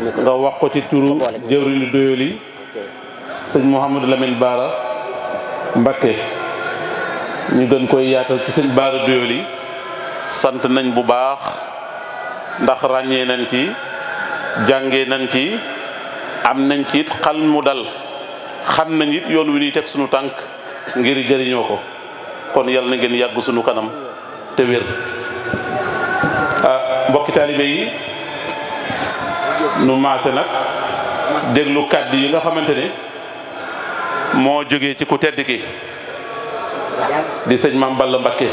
nga wax ko ci turu jëwriñu doyol yi sëñ Mouhamadou Lamine Baara Mbacké ñu gën koy yaatal ci sëñ Baara doyol yi sant nañ bu baax ndax ràññee nañ ci jàngee nañ ci am nañ ci it xal mu dal xam nañ it yoon wi ñuy teg suñu tànk ngir jëriñoo ko kon yàlla na ngeen yàgg suñu kanam te wér ah, mbokki taalibe yi nu maase nag déglu kàddu yi nga xamante ni moo jóge ci ku tedd ki di sëñ ma Balla Mbakke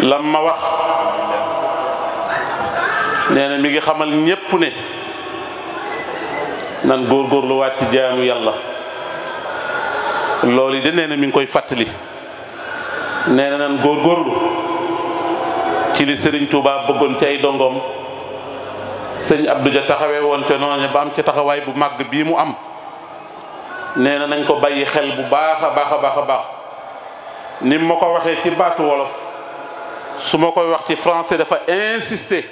lam ma wax nee na mi ngi xamal ñépp ne nan góorgóorlu waat ci jaamu yàlla loolu yi de nee na mi ngi koy fàttali nee na nan góorgóorlu ci li Sëriñ Tuubaa bëggoon ci ay dongoom sëñ Abdou Dia taxawee woon ca noonu ba am ci taxawaay bu màgg bii mu am nee na nañ ko bàyyi xel bu baax a baax a baax a baax ni ma ko waxee ci baatu wolof su koy wax ci français dafa insister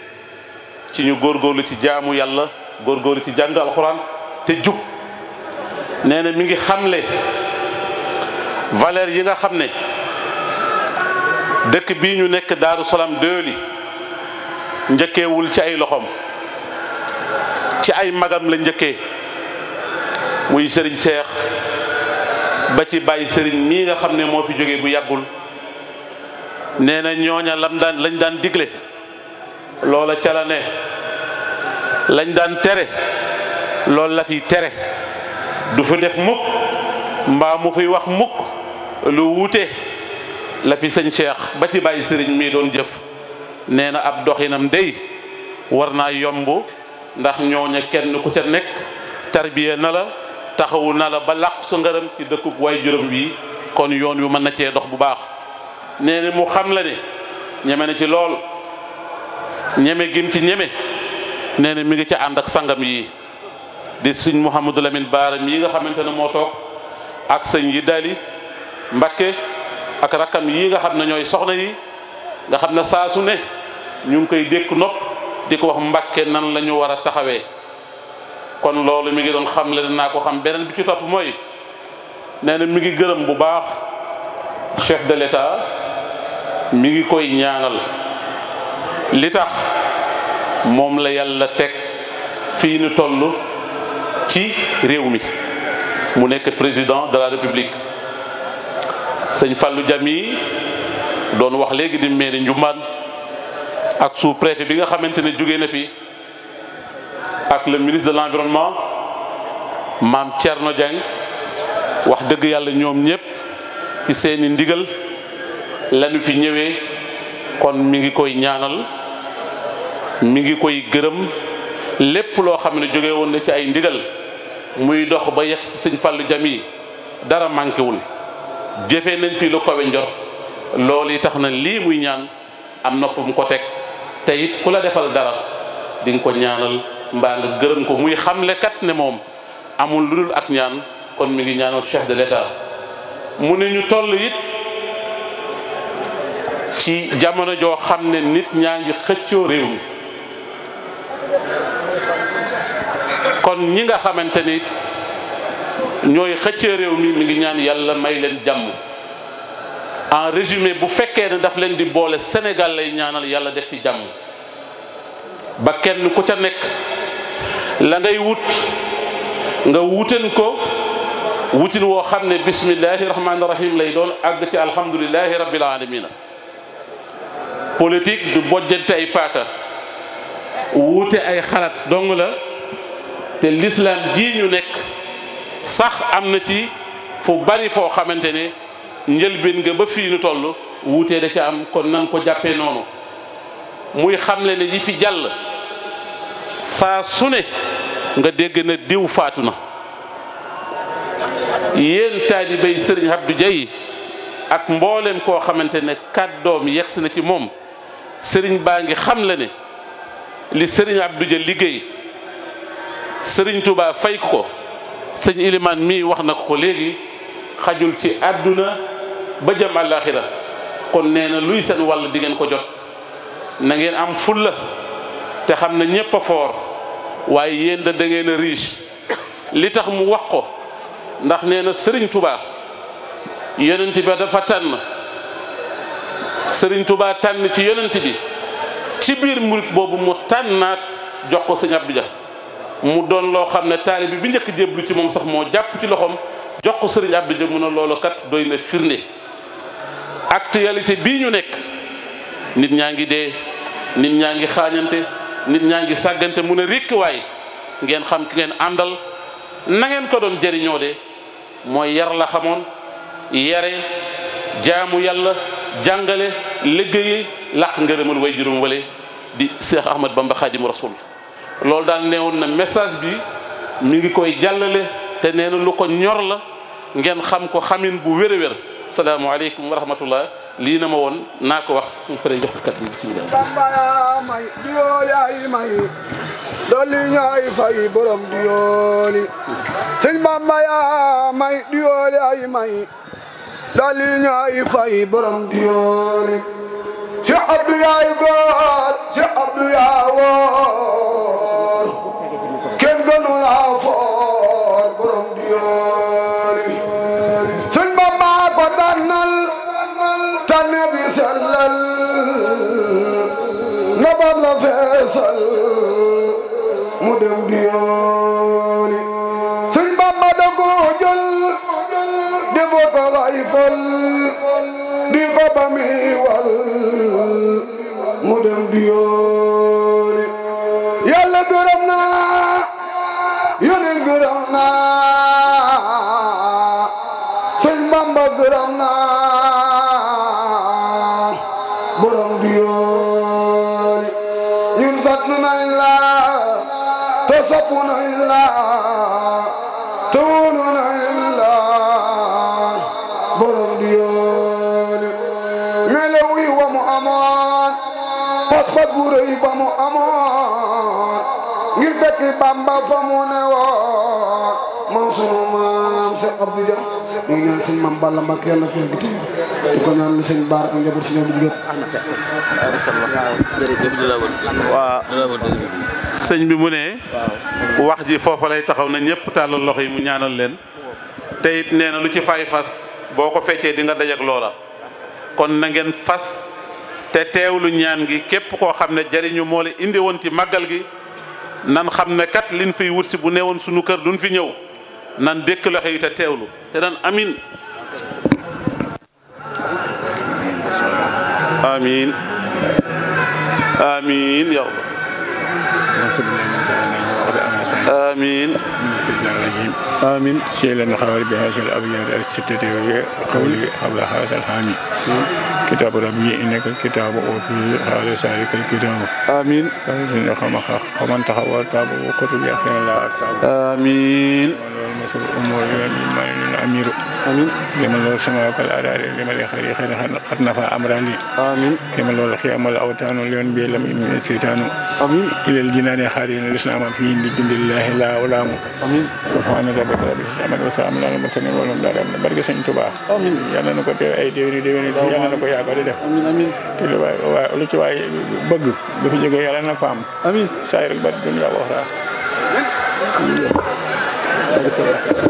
ci ñu góorgóorlu ci jaamu yàlla góorgóorlu ci jàng alxuraan te jub nee na mi ngi xamle valeur yi nga xam ne dëkk bi ñu nekk Daaru Salaam dëli njëkkeewul ci ay loxoom. ci ay magam la njëkkee muy sëriñ seex ba ci bàyyi sëriñ mii nga xam ne moo fi jóge bu yàggul nee na ñooña lam daan lañ daan digle loola ca ne lañ daan tere loolu la fi tere du fi def mukk mbaa mu fi wax mukk lu wuute lafi sëñ Cheikh ba ci bàyyi sëriñ mii doon jëf nee na ab doxinam dey war naa yomb ndax ñooña kenn ku ca nekk tarbiye na la taxawu na la ba làq su ngërëm ci dëkku waay juróom wii kon yoon wi mën na cee dox bu baax nee mu xam la ne ñeme na ci lool ñeme gim ci ñeme nee na mi ngi ci ànd ak sangam yi di sëñ Mouhamadou Lamine Baara yi nga xamante ne moo toog ak sëñ yi dali Mbakke ak rakkam yi nga xam ne ñooy soxna yi nga xam na saa su ne ñu ngi koy dékk nopp di ko wax mbàkke nan lañu ñu war a taxawee kon loolu mi ngi doon xam le naa ko xam beneen bi ci topp mooy nee na mi ngi gërëm bu baax chef de l'État mi ngi koy ñaanal li tax moom la yàlla teg fii ñu tollu ci réew mi mu nekk président de la république sëñ falu Diam yi doon wax léegi di meeri Ndioumane ak sous préfet bi nga xamante ne jóge na fi ak le ministre de l'environnement maam Thierno Dieng wax dëgg yàlla ñoom ñëpp ci seeni ndigal lañu fi ñëwee kon mu ngi koy ñaanal mu ngi koy gërëm lépp loo xam ne jóge woon na ci ay ndigal muy dox ba yegg ci sëñ Fallou Jami dara manqué wul jëfee nañ fi lu kowe njor loolu yi tax na lii muy ñaan am na fu mu ko teg tey ku la defal dara di ko ñaanal mbaa nga gërëm ko muy xamle kat ne moom amul lu dul ak ñaan kon mu ngi ñaanal chef de l'état mu ne ñu toll it ci jamono joo xam ne nit ñaa ngi xëccoo réew mi kon ñi nga xamante nit ñooy xëccoo réew mi mu ngi ñaan yàlla may leen jàmm en résumé bu fekkee ne daf leen di boole Sénégal lay ñaanal yàlla def fi jàmm ba kenn ku ca nekk la ngay wut nga wuteen ko wutin woo xam ne bismillahi rahmaani rahim lay doon àgg ci alhamdulilahi rabbil alamina politique du bojjante ay paaka wuute ay xalaat dong la te l'islam ji ñu nekk sax am na ci fu bari foo xamante ne njëlbéen nga ba fii nu toll wuutee da ca am kon nan ko jàppee noonu muy xamle ne yi fi jàll saa su ne nga dégg na diw faatu na yéen taalibey sëriñ Abdou Diaye ak mboolem koo xamante ne kàddoom yegsi na ci moom sëriñ baa ngi xamle ne li sëriñ du Diaye liggéey sëriñ Touba fay ko sëñ Ilimaan mii wax na ko léegi xajul ci àdduna ba jëm àllaaxira kon nee na luy seen walla di ngeen ko jot na ngeen am fulla te xam ne ñépp a foor waaye yéen da ngeen a riche li tax mu wax ko ndax nee na sëriñ tubaa yonent bi dafa tànn sëriñ tubaa tànn ci yonent bi ci biir murit boobu mu tànnaat jox ko sëñ Abdou Dia mu doon loo xam ne taalibe bi njëkk jéblu ci moom sax moo jàpp ci loxoom jox ko sëriñ Abdou Dia mu ne loolu kat doy na firnde actualité bii ñu nekk nit ñaa ngi dee nit ñaa ngi xaañante nit ñaa ngi sàggante mun a rikk waay ngeen xam ki ngeen àndal nangeen ko doon jëriñoo de mooy yar la xamoon yare jaamu yàlla jàngale liggéeyi làq ngërëmal way juróom wale di Cheikh Ahmad Bamba Xaadimu Rasul loolu daal neewoon na message bi mi ngi koy jàllale te nee na lu ko ñor la ngeen xam ko xamin bu wér-wér salaamaaleykum wa rahmatullah lii na ma woon naa ko wax suñ paree jox ko kàddu yi bismillah bambaya may diyoo yaay may dolli ñooy fay borom diyooli sëñ bambaya may diyoo yaay may dolli ñooy fay borom diyooli si abdu yaay góor si abdu yaa woor kenn gënu laa foor sellal na bab di yooni sëñ di ko صدنا إلا تصبنا إلا توننا إلا برم ديال ملوي ومؤمن قصبت بري بمؤمن غيرتك بامبا فمونا moom sunu maam Cheikh Abdou Dia ñu ngi ñaan sëñ maam Balla Mbacke yàlla na fi yàgg di ko ñaan sëñ Baar ak njaboot si ñoom di waaw bi mu ne. wax ji foofa lay taxaw na ñëpp tàllal loxo yi mu ñaanal leen. te it nee na lu ci fay fas boo ko feccee dinga nga dajak loola. kon nangeen fas te teewlu ñaan gi képp koo xam ne jariñu moo la indi woon ci màggal gi. nan xam ne kat lin fiy wut si bu newoon sunu kër duñ fi ñëw nan dékk loxo yi te teewlu te nan amin amin آمين يا رب آمين آمين سيل النحار بهذا الأبيات الستة قولي قبل هذا الحامي كتاب ربي إنك الكتاب وفي هذا سالك الكتاب آمين آمين خمن تحوى التاب وكتب يا أخي الله آمين والمسؤول أمور من الأمير آمين لما لو سماك الأرار لما لخير خير قد نفى أمر لي آمين لما لو الخيام الأوتان ليون بي لم يمن الشيطان آمين إلى الجنان خارين الإسلام فيه لجند الله لا ولام آمين سبحان ربك رب العزة وسلام على المرسلين والحمد لله رب بركة سن توبا آمين يالا نكو تي أي ديوني ديوني يالا نكو يا غادي ديف آمين آمين تي واي lu ci waay bëgg bu fi jógee yàlla na ko am آمين سائر البلد الدنيا والآخرة